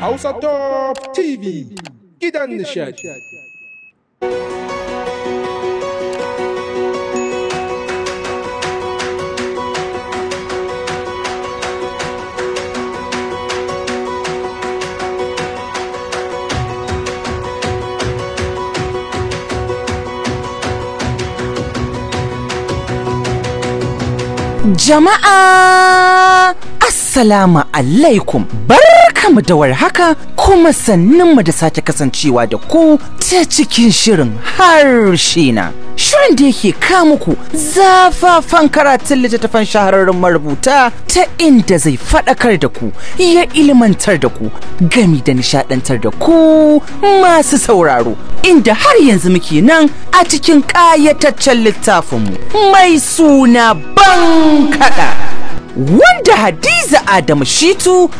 هاوس توب تي في كده النشاد جماعة السلام عليكم بر mu da war haka kuma mu da sake kasancewa da ku ta cikin shirin harshe na. Shirin da yake ka muku zafafan karatun littattafan shahararren marubuta ta inda zai faɗakar da ku ya ilmantar da ku gami da nishaɗantar da ku masu sauraro inda har yanzu muke nan a cikin ƙayataccen littafinmu mai suna ban bankaɗa. wanda Hadiza Adamu Shitu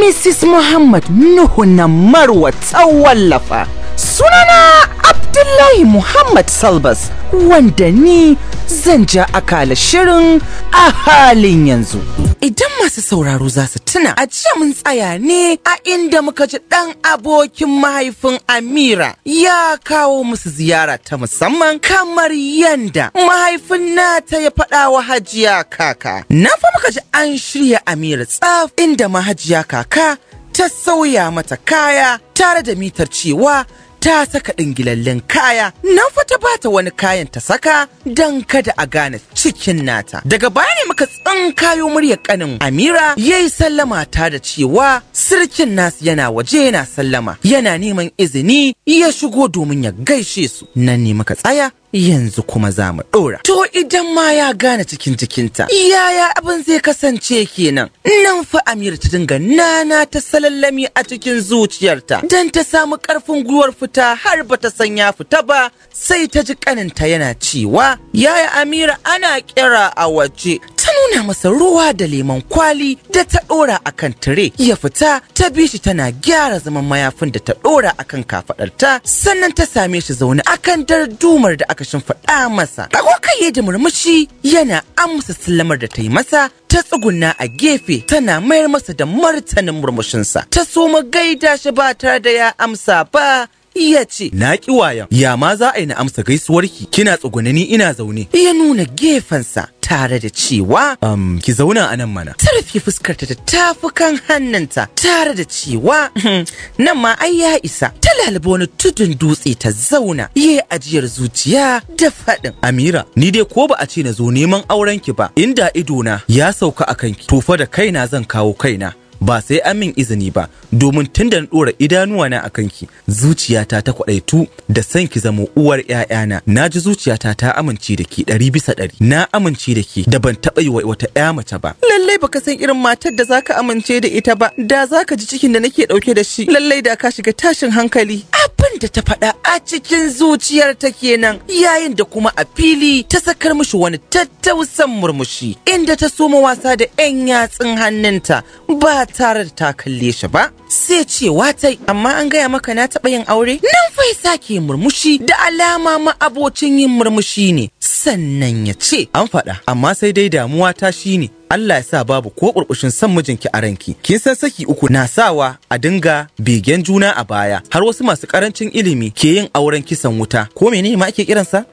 Mrs. Muhammad Nuhu na Marwa ta wallafa. Sunana Abdullahi Muhammad Salbas wanda ni zan ja akala shirin a halin yanzu. Idan masu sauraro za su tuna a ce mun tsaya ne a inda muka ji ɗan abokin mahaifin Amira ya kawo musu ziyara ta musamman kamar yanda mahaifin nata ya faɗa wa hajiya kaka. Na fa muka ji an shirya Amira tsaf inda mahajiya kaka ta sauya mata kaya tare da mitar cewa ta saka ɗingilallen kaya nan fa ta bata wani kayan ta saka don kada a gane cikin nata daga baya ne muka tsinkayo murya kanin amira ya yi sallama ta da cewa sirkin nasu yana waje yana sallama yana neman izini ya shigo domin ya gaishe su nan ne muka tsaya yanzu kuma za mu ɗora. To idan ma ya gane cikin jikinta. yaya abin zai kasance kenan? Nan fa Amir ta dinga nana ta salallami a cikin zuciyarta, dan ta samu ƙarfin gwiwar fita har ba ta san ya fita ba, sai ta ji ƙaninta yana cewa, yaya Amira ana kira a waje, ta nuna masa ruwa da lemon kwali da ta ɗora a kan tire ya fita ta bi shi tana gyara zaman mayafin da ta ɗora a kan kafaɗarta sannan ta same shi zaune a kan dardumar da aka shimfiɗa masa ɗago kai ya da murmushi yana amsa sallamar da ta yi masa ta tsuguna a gefe tana mayar masa da martanin murmushinsa ta soma gaida shi ba tare da ya amsa ba iya ce na ki wayan ya ma za a yi na amsa gaisuwarki kina tsugunni ina zaune ya nuna gefensa tare da cewa um, ki zauna a nan mana Sarafi fuskarta da tafukan hannunta tare da cewa hmm, nan ma ai ya isa ta lalaba wani tudun dutse ta zauna ye ajiyar zuciya da faɗin amira ni dai ko ba a ce na zo neman auren ki ba inda idona ya sauka a kanki. tofa da kaina zan kawo kaina ba sai an min izini ba domin tun da na dora idanuwa na akan ki zuciyata ta kwadaitu da san ki zama uwar ƴaƴana na ji zuciyata ta amince da ki ɗari bisa ɗari na amince da ki da ban taɓa yi wa wata ƴa mace ba lallai baka san irin matar da zaka amince da ita ba da zaka ji cikin da nake ɗauke da shi lallai da ka shiga tashin hankali abin da ta faɗa a cikin zuciyar ta kenan yayin da kuma a fili ta sakar mishi wani tattausan murmushi inda ta soma wasa da 'yan yatsun hannunta ba tare da ta kalle shi ba sai cewa tai amma an gaya maka na taɓa yin aure nan fa sake murmushi da alama ma abocin yin murmushi ne sannan ya ce an faɗa amma sai dai damuwa ta shi ne. Allah ya sa babu ko ƙurƙushin san mijinki a ranki kin san saki uku na sawa a dinga begen juna a baya har wasu masu ƙarancin ilimi ke yin auren kisan wuta ko menene ma ake kiransa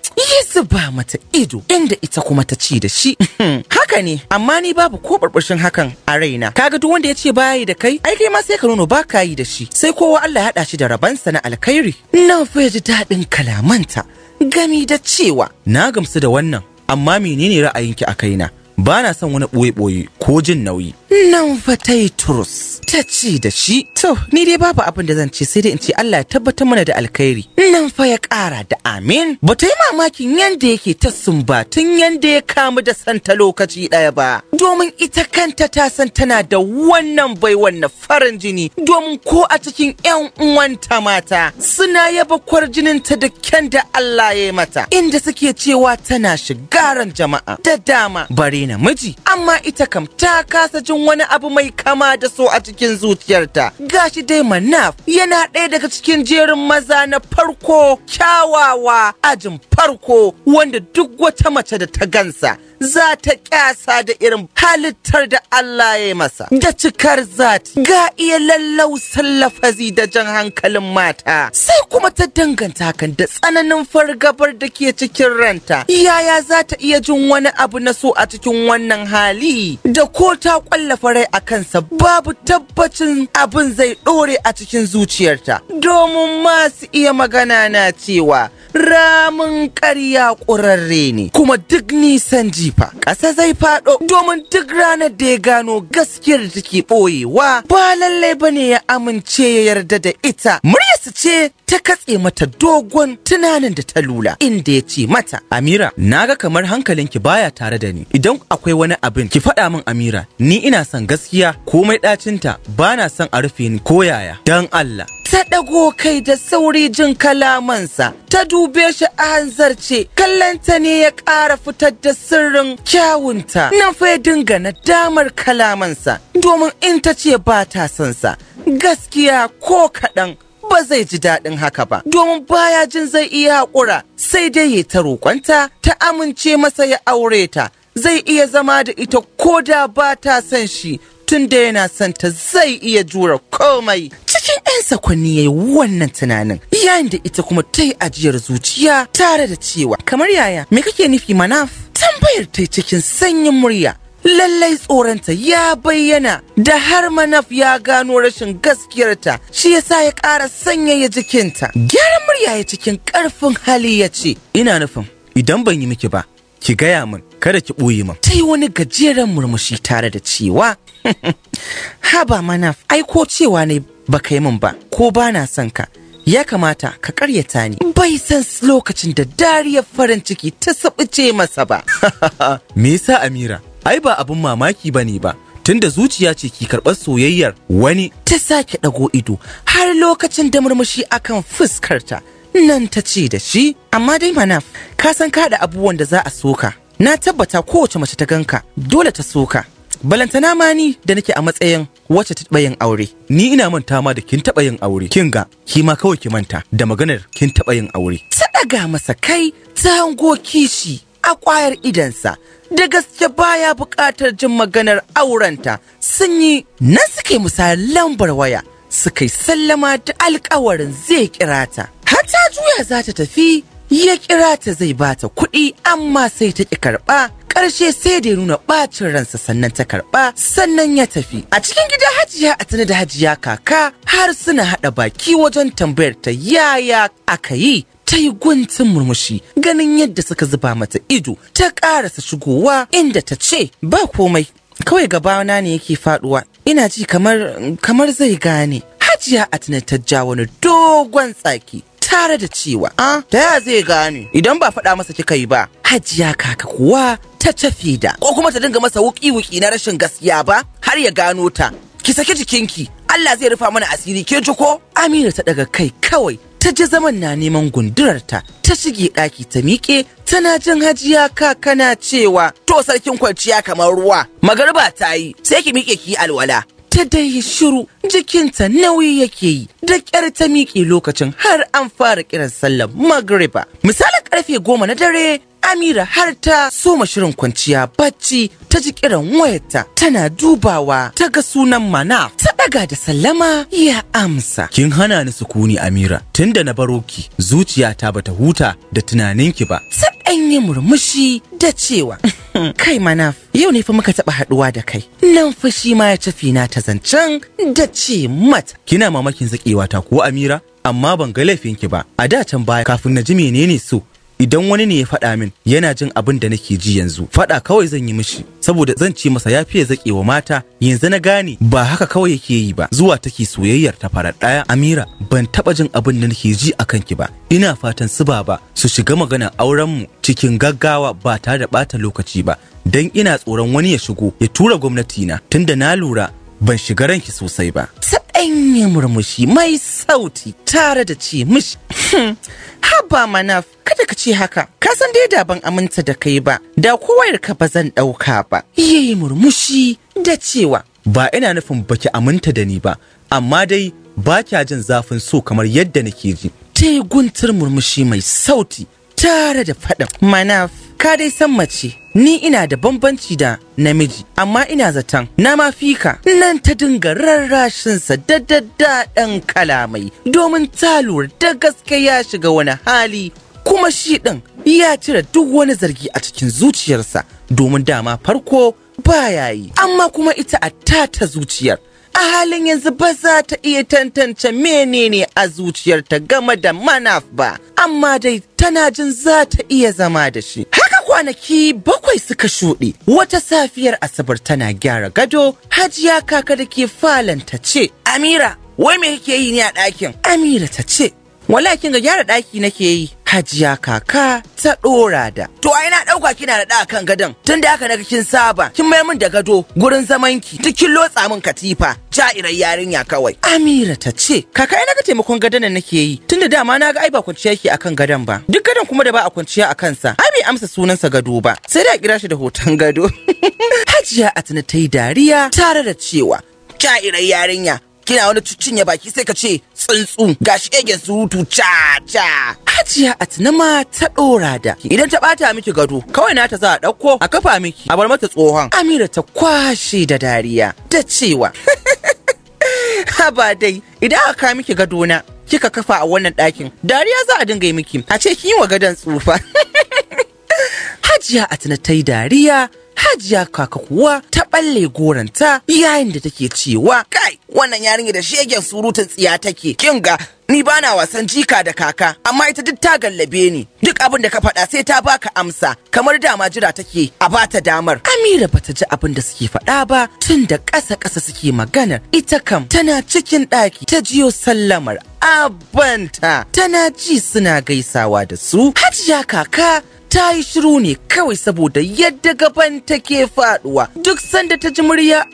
ba mata ido inda ita kuma ta ci da shi haka ne amma ni babu ko barbarshin hakan a raina kaga duk wanda ya ce bayi da kai ai kai ma sai ka nuna ba ka yi da shi sai kowa Allah ya hada shi da rabansa na alkhairi na ji daɗin kalamanta gami da cewa na gamsu da wannan amma menene ra'ayinki a kaina ba na son wani ɓoye-ɓoye ko jin nauyi nan fa ta yi turus ta ci da shi to ni dai babu abin da zan ce sai dai in ce Allah ya tabbatar mana da alkhairi nan fa ya kara da amin ba ta yi mamakin yanda yake ta sumbatun yanda ya kamu da santa lokaci daya ba domin ita kanta ta san tana da wannan bai wannan farin jini domin ko a cikin 'yan uwanta mata suna yaba kwar ta da kyan da Allah ya yi mata inda suke cewa tana shigaran jama'a da dama bare namiji amma ita kam ta kasa jin cikin wani abu mai kama da so a cikin zuciyarta gashi dai manaf yana ɗaya daga cikin jerin maza na farko kyawawa ajin farko wanda duk wata mace da ta gansa za ta kyasa da irin halittar da Allah ya yi masa da cikar zati ga iya lallausan lafazi da jan hankalin mata sai kuma ta danganta kan da tsananin fargabar da ke cikin ranta yaya za ta iya jin wani abu na so a cikin wannan hali da ko ta kwallafa rai a kansa babu tabbacin abin zai ɗore a cikin zuciyarta domin masu iya magana na cewa ramin ƙarya kurarre ne kuma duk nisan jifa ƙasa zai faɗo domin duk ranar da ya gano gaskiyar da take ɓoyewa ba lallai ba ne ya amince ya yarda da ita muryarsa ce ta katse mata dogon tunanin da ta lula inda ya ce mata Amira naga kamar hankalinki baya tare da ni idan akwai wani abin ki faɗa min Amira ni ina son gaskiya komai ɗacinta na son a rufe ni ko yaya dan Allah ta ɗago kai da sauri jin kalamansa ta dube shi a hanzarce kallanta ne ya ƙara fitar da sirrin kyawunta nan fa ya dinga damar kalamansa domin in ta ce ba ta son sa gaskiya ko kaɗan ba zai ji daɗin haka ba domin baya jin zai iya haƙura sai dai ya ta roƙonta ta amince masa ya aure ta zai iya zama da ita ko da ba ta son shi tun da yana son ta zai iya jura komai cikin 'yan sakwanni ya yi wannan tunanin yayin da ita kuma ta yi ajiyar zuciya tare da cewa kamar yaya me kake nufi manaf tambayar ta cikin sanyin murya lallai tsoronta ya bayyana da har manaf ya gano rashin gaskiyarta shi ya sa ya ƙara sanyaya jikinta gyaran murya ya cikin ƙarfin hali ya ce ina nufin idan ban yi miki ba ki gaya min kada ki ɓoye min ta yi wani gajeren murmushi tare da cewa haba manaf ai cewa ne ba ka yi min ba ko ba na son ka ya kamata ka karyata ni bai san lokacin da dariyar farin ciki ta sabuce masa ba me yasa amira ai ba abin mamaki bane ba tunda zuciya ce ki karɓar soyayyar wani ta sake ɗago ido har lokacin da murmushi akan fuskarta nan ta ce da shi amma dai manaf ka san ka da abubuwan da za a soka na tabbata kowace mace ta ganka dole ta soka balantana ma ni da nake a matsayin wacce ta taɓa yin aure ni ina manta ma da kin taɓa yin aure kin ga ki ma kawai ki manta da maganar kin taɓa yin aure ta ɗaga masa kai ta hango kishi a ƙwayar idansa da gaske baya buƙatar jin maganar aurenta sun yi nan suke misali lambar waya suka yi sallama da alƙawarin zai kira ta har ta juya za ta tafi ya kira ta zai bata kuɗi amma sai ta ƙi karɓa karshe sai da ya nuna ɓacin ransa sannan ta karɓa. sannan ya tafi a cikin gida hajiya a tana da hajiya kaka har suna haɗa baki wajen tambayar ta yaya aka yi ta yi guntun murmushi ganin yadda suka zuba mata ido ta karasa shigowa inda ta ce ba komai kawai gabana ne yake faɗuwa. ina ji kamar kamar zai gane hajiya a tana ta ja wani dogon tsaki tare da cewa a ah, ta ya zai gane idan ba faɗa masa kika yi ba hajiya kaka kuwa ta tafi da ko kuma ta dinga masa wuki wuki na rashin gaskiya ba har ya gano ta ki saki jikinki Allah zai rufa mana asiri ke ji ko Amina ta daga kai kawai ta ji zaman na neman gundurarta ta ta shige ɗaki ta miƙe tana jin hajiya kaka na cewa to sarkin kwanciya kamar ruwa magarba ta yi sai ki miƙe ki alwala ta dai shiru jikinta nauyi yake yi da ƙyar ta miƙe lokacin har an fara kiran sallar magriba misalin karfe goma na dare amira har ta soma shirin kwanciya bacci ta ji kiran wayarta tana dubawa ta ga sunan mana ta ɗaga da sallama ya amsa kin hana ni sukuni amira tunda na baro ki zuciyata bata huta da tunaninki ba an yi murmushi da cewa kai manaf yau ne fa muka taɓa haɗuwa da kai nan fa shi ma ya tafi na ta zancen da ce mata kina mamakin zakewa ta ko amira amma ban ga laifin ki ba a da can baya kafin na ji menene so idan wani ne ya faɗa min yana jin abin da nake ji yanzu faɗa kawai zan yi mishi saboda zan ce masa ya fiye zaƙe wa mata yanzu na gane ba haka kawai yake yi ba zuwa take soyayyar ta farar ɗaya amira ban taɓa jin abin da nake ji a kanki ba ina fatan su baba su shiga maganar aurenmu cikin gaggawa ba tare da ɓata lokaci ba don ina tsoron wani ya shigo ya tura gwamnati na tunda na lura ban shiga ranki sosai ba ta ɗanye murmushi mai sauti tare da ce mishi hmm, haba manaf kada ka ce haka ka san dai da ban aminta da kai ba da kowayar ka ba zan ɗauka ba yayi murmushi da cewa ba ina nufin baki aminta da ni ba amma dai ba kya jin zafin so kamar yadda nake ji ta yi guntar murmushi mai sauti tare da faɗin. manaf ka dai san mace ni ina da bambanci da namiji amma ina zaton na ma fika nan ta dinga rarrashinsa da daddaɗan kalamai domin ta lura da gaske ya shiga wani hali kuma shi ɗin ya cire duk wani zargi a cikin zuciyarsa domin dama farko baya yi amma kuma ita a tata zuciyar a halin yanzu ba za ta iya tantance menene a zuciyarta game da manaf ba amma dai tana jin za ta iya zama da shi haka kwanaki bakwai suka shuɗe wata safiyar asabar tana gyara gado hajiya kaka da ke falanta ce amira wai me kake yi ne a ɗakin amira ta ce wala ga gyara ɗaki nake yi hajiya kaka ta ɗora da. To a na ɗauka kina da ɗa kan gadon tunda da haka na kin saba kin mai min da gado gurin zaman ki? duk kin lotsa min katifa ja'irar yarinya kawai. Amira ta ce kaka ai naga taimakon gadon nan nake yi Tunda da dama na ga ai ba kwanciya yake akan gadon ba. Duk gadon kuma da ba a kwanciya a kansa ai bai amsa sunansa gado ba sai da kira shi da hoton gado. Hajiya Atina ta yi dariya tare da cewa ja'irar yarinya kina wani ya baki sai ka ce tsuntsu gashi egen surutu cha cha hajiya atina ma ta dora da idan ta bata miki gado kawai na ta za a dauko a kafa miki a bar mata tsohon amira ta kwashe da dariya da cewa haba dai idan aka miki na kika kafa a wannan ɗakin dariya za a dinga yi miki a ce kin yi wa gadon tsufa hajiya atina ta yi dariya hajiya kaka kuwa ta balle goranta yayin da take cewa kai wannan yarinya da shegen surutun tsiya take kinga ni bana wasan jika da kaka amma ita duk ta gallabe ni duk abin da ka faɗa sai ta baka amsa kamar dama jira take a bata damar amira bata ji abin da suke faɗa ba tun da ƙasa ƙasa suke magana. ita kam tana cikin ɗaki ta jiyo sallamar abanta tana ji suna gaisawa da su hajiya kaka ta yi shiru ne kawai saboda yadda gaban take faduwa duk sanda ta ji murya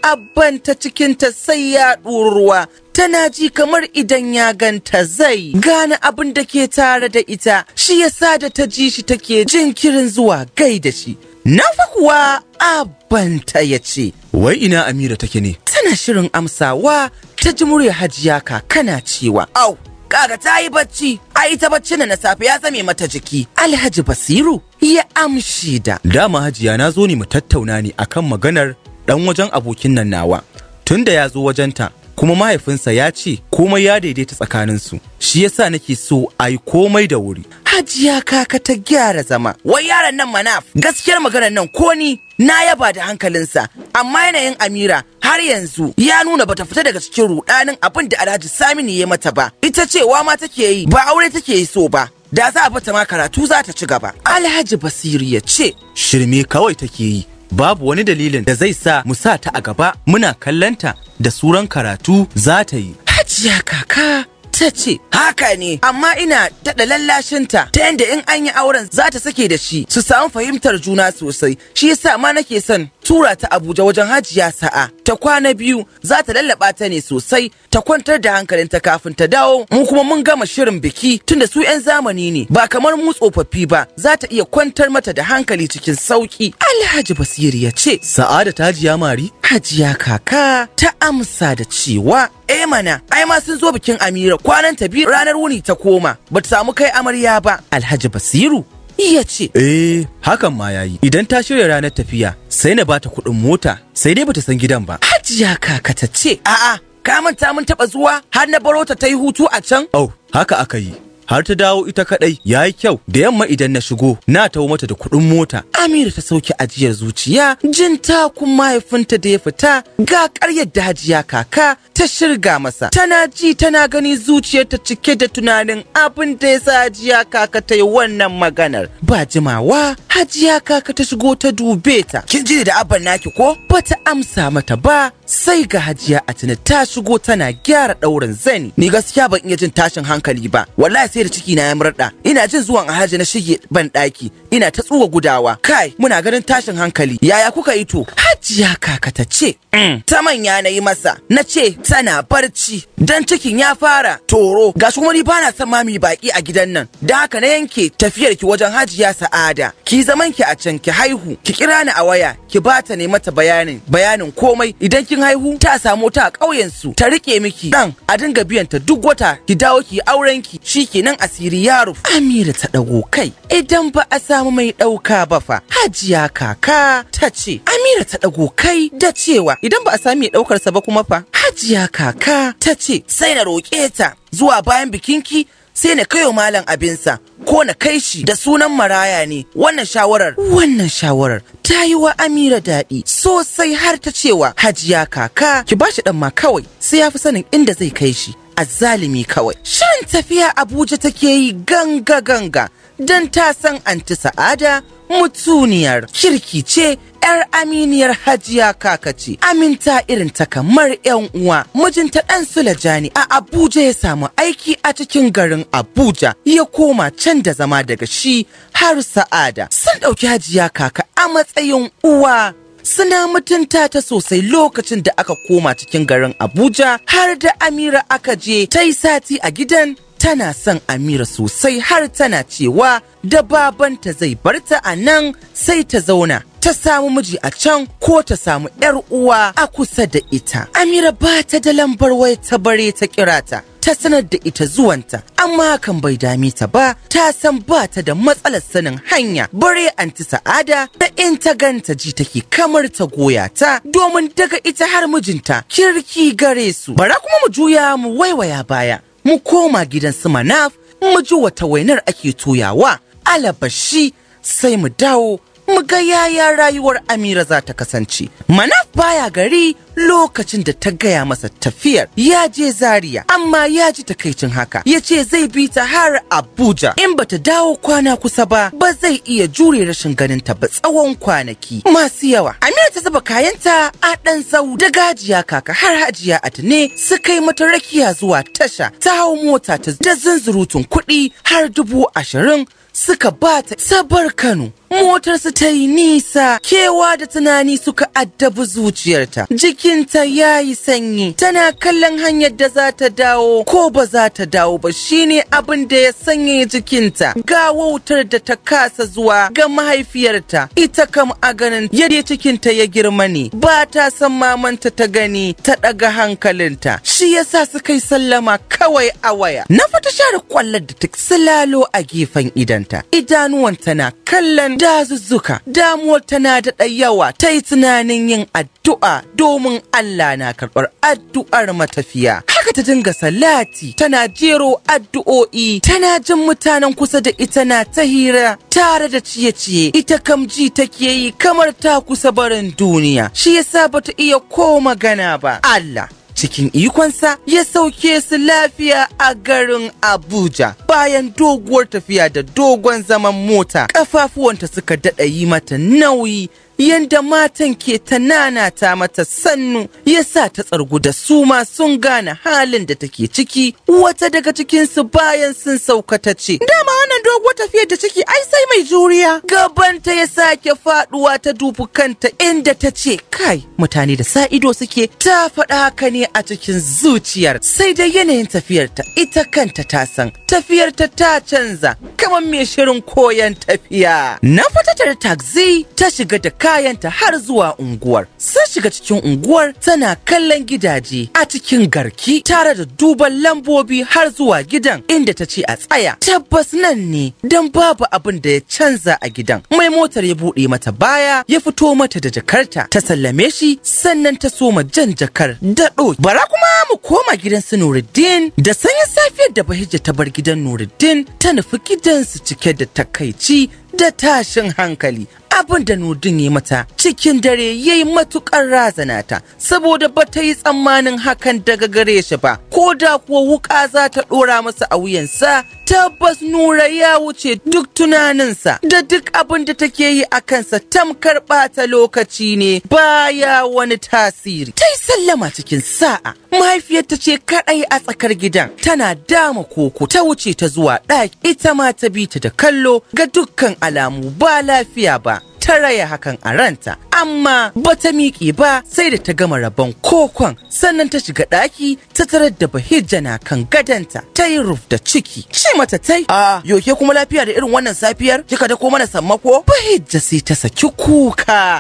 ta cikin ta sai ya ruwa tana ji kamar idan ya ganta zai gane abin da ke tare da ita shi yasa da ta ji shi take jin kirin zuwa gai da shi na fa kuwa abanta ya ce wai ina amira take ne tana shirin amsawa ta ji murya hajiya kana cewa au kaga ta yi bacci a ta bacci na safe ya zame mata jiki alhaji basiru ya amshi da dama hajiya na zo ne mu tattauna ne akan maganar dan wajen abokin nan nawa tunda ya zo wajenta kuma mahaifinsa ya ce komai ya daidaita tsakaninsu shi yasa nake so a yi komai da wuri hajiya kaka ta gyara zama wai yaron nan manaf gaskiyar maganar nan ko ni na yaba da hankalinsa amma yanayin amira har yanzu ya nuna bata fita daga cikin rudanin abin da alhaji saminu ya mata ba ita ce wa ma take yi ba aure take yi so ba da za a bata ma karatu za ta ci gaba alhaji basiru ya ce shirme kawai take yi babu wani dalilin da zai sa mu sa ta a gaba muna kallanta da suran karatu za ta yi hajiya kaka ta ce haka ne amma ina daɗa lallashinta ta yadda in an yi auren za ta sake da shi su samu fahimtar juna sosai shi yasa ma nake son tura ta Abuja wajen Hajiya Sa'a ta kwana biyu za ta lallaba ta ne sosai ta kwantar da hankalin ta kafin ta dawo mu kuma mun gama shirin biki tunda su 'yan zamani ne ba kamar mu tsofaffi ba za ta iya kwantar mata da hankali cikin sauki Alhaji Basiru ya ce Sa'ada ta Hajiya Mari Hajiya kaka ta amsa da cewa E mana ai ma sun zo bikin Amira kwanan ta biyu ranar wuni ta koma Ba ta samu kai amarya ba Alhaji Basiru ya ce eh hakan ma yayi idan ta shirya ranar tafiya sai na bata kuɗin mota sai dai bata san gidan ba hajiya kaka ta ce a'a ka manta mun taɓa zuwa har na baro ta ta yi hutu a can oh haka aka yi har ta dawo ita kadai yayi kyau da yamma idan na shigo na tawo mata da kuɗin mota Amira ta sauke ajiyar zuciya jin takun mahaifinta da ya fita ga ƙaryar dajiya kaka ta shirga masa tana ji tana gani zuciyarta cike da tunanin abin da ya sa hajiya kaka ta yi wannan maganar ba jimawa hajiya kaka ta shigo ta dube ta kin ji da abban naki ko bata amsa mata ba sai ga hajiya a atina ta shigo tana gyara ɗaurin zani ni gaskiya ban iya jin tashin hankali ba wallahi sai da ciki na ya murɗa ina jin zuwan a haji na shige ban ɗaki ina ta tsuwa gudawa kai muna ganin tashin hankali yaya kuka yi to hajiya kaka ta ce mm. ta manya na yi masa na ce tana barci dan cikin ya fara toro gashi kuma ni bana son mami baki a gidan nan da haka na yanke tafiyar ki wajen hajiya sa'ada ki zaman ki a can ki haihu ki kira ni a waya ki bata ne mata bayanin bayanin komai idan kin haihu ta samu ta a ƙauyen su ta rike miki dan a dinga biyan ta duk wata ki dawo ki auren ki shikenan asiri yaro Amira ta dago kai idan ba a samu mai dauka ba fa hajiya kaka ta ce Amira ta dago kai da cewa idan ba a sami daukar sa ba kuma fa hajiya kaka ta ce sai na roƙe ta zuwa bayan bikinki sai na wa malam abinsa ko na kai shi da sunan maraya ne wannan shawarar wannan shawarar ta yi wa amira daɗi sosai har ta cewa hajiya kaka ki bashi ɗan ma kawai sai ya fi sanin inda zai kai shi azzalimi kawai shan tafiya abuja take yi ganga ganga don ta san anti sa'ada mutuniyar kirki ce yar aminiyar hajiya kakaci aminta irin ta kamar yan uwa mijinta dan sulajani a abuja ya samu aiki a cikin garin abuja ya koma can da zama daga shi har sa'ada sun ɗauki hajiya kaka a matsayin uwa suna mutunta ta sosai lokacin da aka koma cikin garin Abuja har da Amira aka je ta yi sati a gidan tana son Amira sosai har tana cewa da babanta zai barta a nan sai ta zauna. Ta samu miji a can ko ta samu 'yar uwa a kusa da ita. Amira ba ta da lambar wai ta bare ta kira ta. ta sanar da ita zuwanta amma hakan bai dame ta ba ta san ba ta da matsalar sanin hanya bare anti sa'ada da in ta ganta ji take kamar ta goya ta domin daga ita har mijinta kirki gare su bara kuma mu juya mu waiwaya baya mu koma gidan su manaf mu ji wata wainar ake toyawa alabashi sai mu dawo mu ga yaya rayuwar Amira za ta kasance. Manaf baya gari lokacin da ta gaya masa tafiyar ya je Zaria amma ya ji takaicin haka ya ce zai bi ta har Abuja in ba ta dawo kwana kusa ba ba zai iya jure rashin ganin ta ba tsawon kwanaki masu yawa. Amira ta zuba kayanta a ɗan sau da gajiya kaka har hajiya a tune su kai mata rakiya zuwa tasha ta hau mota ta da zunzurutun kuɗi har dubu ashirin suka ba ta sabar Kano. motarsa ta yi nisa kewa da tunani suka addabi zuciyarta jikinta ya yi sanyi tana kallon hanyar da za ta dawo ko ba za ta dawo ba shine abin da ya sanya jikinta ga wautar da ta kasa zuwa ga mahaifiyarta ita kam a ganin yadda cikinta ya girma ne ba ta san mamanta ta gani ta ɗaga hankalinta shi ya sa su kai sallama kawai a waya na fata share kwallar da ta silalo a gefen idanta idanuwanta na kallon dazuzzuka damuwar tana da yawa ta yi tunanin yin addu'a domin Allah na karɓar addu'ar matafiya haka ta dinga salati tana jero addu'o'i tana jin mutanen kusa da ita na ta hira tare da ciye-ciye ita kam ji take yi kamar ta kusa barin duniya shi yasa bata iya ko magana ba Allah cikin ikonsa ya sauke su lafiya a garin Abuja bayan doguwar tafiya da dogon zaman mota ƙafafuwanta suka daɗa yi mata nauyi yanda matan ke ta nanata mata sannu ya sa ta tsargu da su ma sun gane halin da take ciki wata daga cikinsu bayan sun sauka ta ce dama wannan doguwar tafiyar da ciki ai sai mai juriya gabanta ya sake faduwa ta dubu kanta inda ta ce kai mutane da sa ido suke ta faɗa haka ne a cikin zuciyar sai dai yanayin tafiyarta ita kanta ta san tafiyarta ta canza kamar mai shirin koyon tafiya na fata ta taxi ta shiga da ka kayanta har zuwa unguwar. Sun shiga cikin unguwar tana kallon gidaje a cikin garki tare da duban lambobi har zuwa gidan inda ta ce a tsaya. Tabbas nan ne don babu abin da ya canza a gidan. Mai motar ya buɗe mata baya ya fito mata da jakarta ta sallame shi sannan ta soma jan jakar da Bara kuma mu koma gidan su Nuruddin da sanyin safiyar da Bahijja ta bar gidan Nuruddin ta nufi gidansu cike da takaici da tashin hankali abin da nudin ya mata cikin dare yayi yi matukar razana ta saboda ba ta yi tsammanin hakan daga gare shi ba ko da kuwa wuka za ta ɗora masa a wuyansa tabbas nura ya wuce duk tunaninsa da duk abin da take yi a kansa tamkar ɓata lokaci ne baya wani tasiri ta yi sallama cikin sa'a mahaifiyarta ce kaɗai a tsakar gidan tana dama koko ta wuce ta zuwa ɗaki ita ma ta bi ta da kallo ga dukkan alamu ba lafiya ba ta raya hakan a ranta amma ba ta miƙe ba sai da ta gama rabon kokon sannan ta shiga ɗaki ta tarar da bahijja na kan gadanta ta yi ruf da ciki ce mata tai a ah, yoke kuma lafiya da irin wannan safiyar kika dako mana sammako bahijja sai ta saki kuka ah,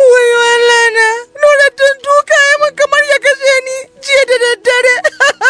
wai wallana nuna tun duka ya min kamar ya kashe ni jiya da daddare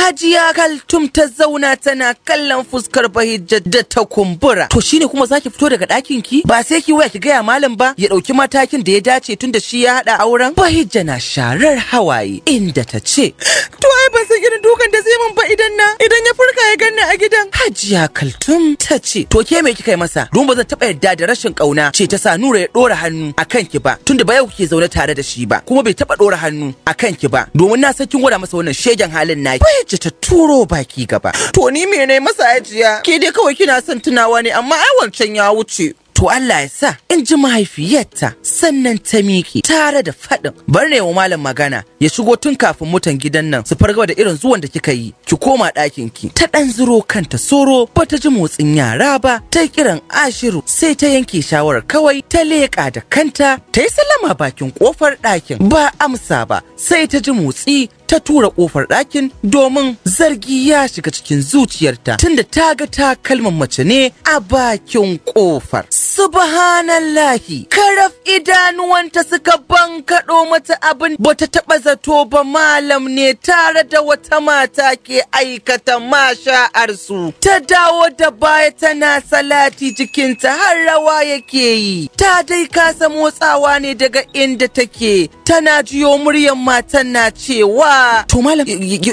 Hajiya Kaltum ta zauna tana kallon fuskar bahijja da ta kumbura to shine kuma zaki fito daga ɗakin ki ba sai ki waya ki gaya malam ba ya ɗauki matakin da ya dace tun da shi ya haɗa auren bahijja na sharar hawaye inda ta ce to ai ba san irin dukan da zai mun ba idan na idan ya furka ya ganni a gidan hajiya kaltum ta ce to ke me kika yi masa don ba zan taɓa yarda da rashin ƙauna ce ta sa nura ya ɗora hannu a kan ki ba tunda ba yau kuke zaune tare da shi ba kuma bai taɓa ɗora hannu a kan ki ba domin na san kin gwada masa wannan shegen halin naki bahijja ta turo baki gaba to ni me ne masa ajiya ke dai kawai kina son tunawa ne amma ai wancan ya wuce to Allah ya sa in ji mahaifiyarta sannan ta miƙe tare da faɗin bar ne wa malam magana ya shigo tun kafin mutan gidan nan su farga da irin zuwan da kika yi ki koma ɗakin ki ta ɗan zuro kanta soro ba ta ji motsin yara ba ta kiran ashiru sai ta yanke shawarar kawai ta leƙa da kanta ta yi sallama bakin ƙofar ɗakin ba amsa ba sai ta ji motsi ta tura kofar ɗakin domin zargi ya shiga cikin zuciyarta tunda ta ga takalman mace ne a bakin kofar. Subhanallahi, karaf idanuwanta suka bankaɗo mata abin bata taɓa zato ba malam ne tare da wata mata ke aikata masha'arsu. Ta dawo da baya tana salati jikinta har rawa yake yi. Ta dai kasa motsawa ne daga inda take, tana jiyo muryar matan na cewa To malam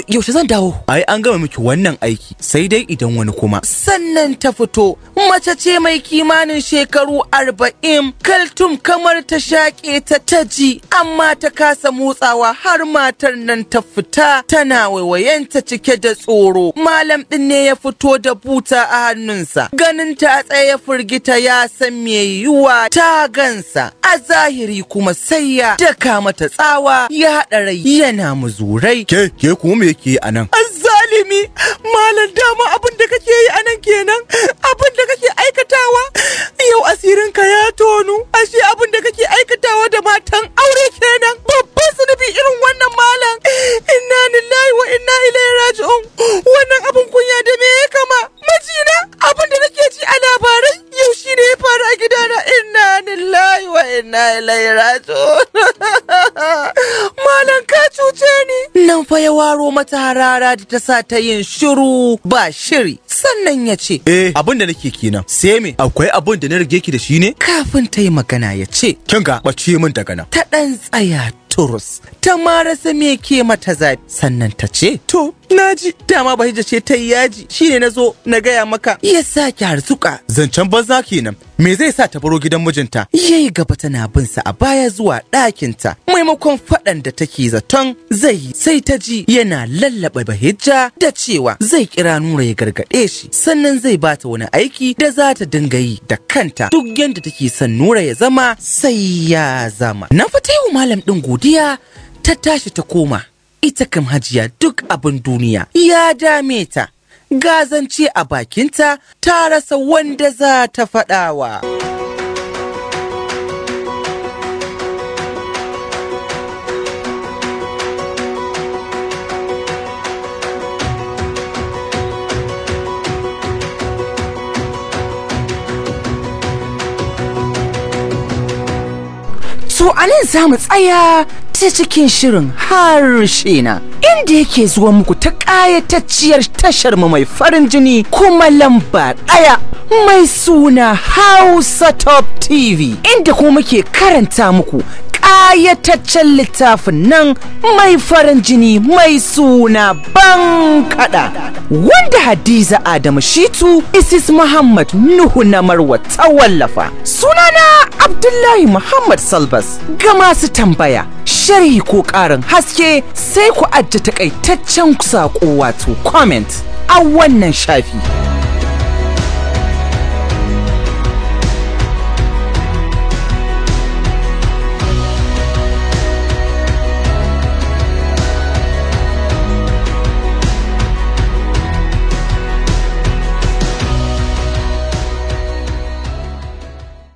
yaushe zan dawo? Ai an gama miki wannan aiki sai dai idan wani kuma. Sannan ta fito mace ce mai kimanin shekaru arba'in kaltum kamar ta shaƙe ta taji amma ta kasa motsawa har matar nan ta fita tana waiwayenta cike da tsoro. Malam ɗin ne ya fito da buta a hannunsa ganin ta tsaye firgita ya san me yiwuwa ta gansa a zahiri kuma sai ya daka mata tsawa ya haɗa rai yana muzura. turai ke ke me ke a nan zalimi malam dama abin da kake yi a nan kenan abin da kake aikatawa yau asirin ka ya tonu ashe abin da kake aikatawa da matan aure kenan babban bi irin wannan malam inna lillahi wa inna ilaihi raji'un wannan abin kunya da me ya kama Majina, abin da nake wata harara da ta sa ta yin shiru ba shiri sannan ya ce eh abin da nake kenan sai me akwai abin da na rage ki da shi ne kafin ta yi magana ya ce kin ga bace min daga nan ta dan tsaya turus ta ma rasa me ke mata zafi sannan ta ce to naji dama hijja ce ta yi yaji shine na zo na gaya maka ya sa ki harzuka zancen banza kenan me zai sa ta baro gidan mijinta yayi gaba tana bin sa a baya zuwa ɗakinta maimakon faɗan da take zaton zai yi sai ta ji yana lallaɓe bahijja da cewa zai kira nura ya gargaɗe shi sannan zai bata wani aiki da za ta dinga yi da kanta duk yadda take son nura ya zama sai ya zama na yi wa malam ɗin godiya biya ta tashi ta koma. Ita kan hajiya duk abin duniya ya dame ta. Gazance a bakinta ta rasa wanda za ta faɗawa. so a nan za mu tsaya ta cikin shirin harshe na inda yake zuwa muku ta ƙayatacciyar tashar mu mai farin jini kuma lamba ɗaya mai suna hausa top tv inda kuma muke karanta muku ƙayataccen littafin nan mai farin jini mai suna bankaɗa wanda hadiza adamu shitu isis muhammad nuhu na marwa ta wallafa sunana abdullahi muhammad salbas ga masu tambaya sharhi ko ƙarin haske sai ku ajiye takaitaccen saƙo wato comment a wannan shafi.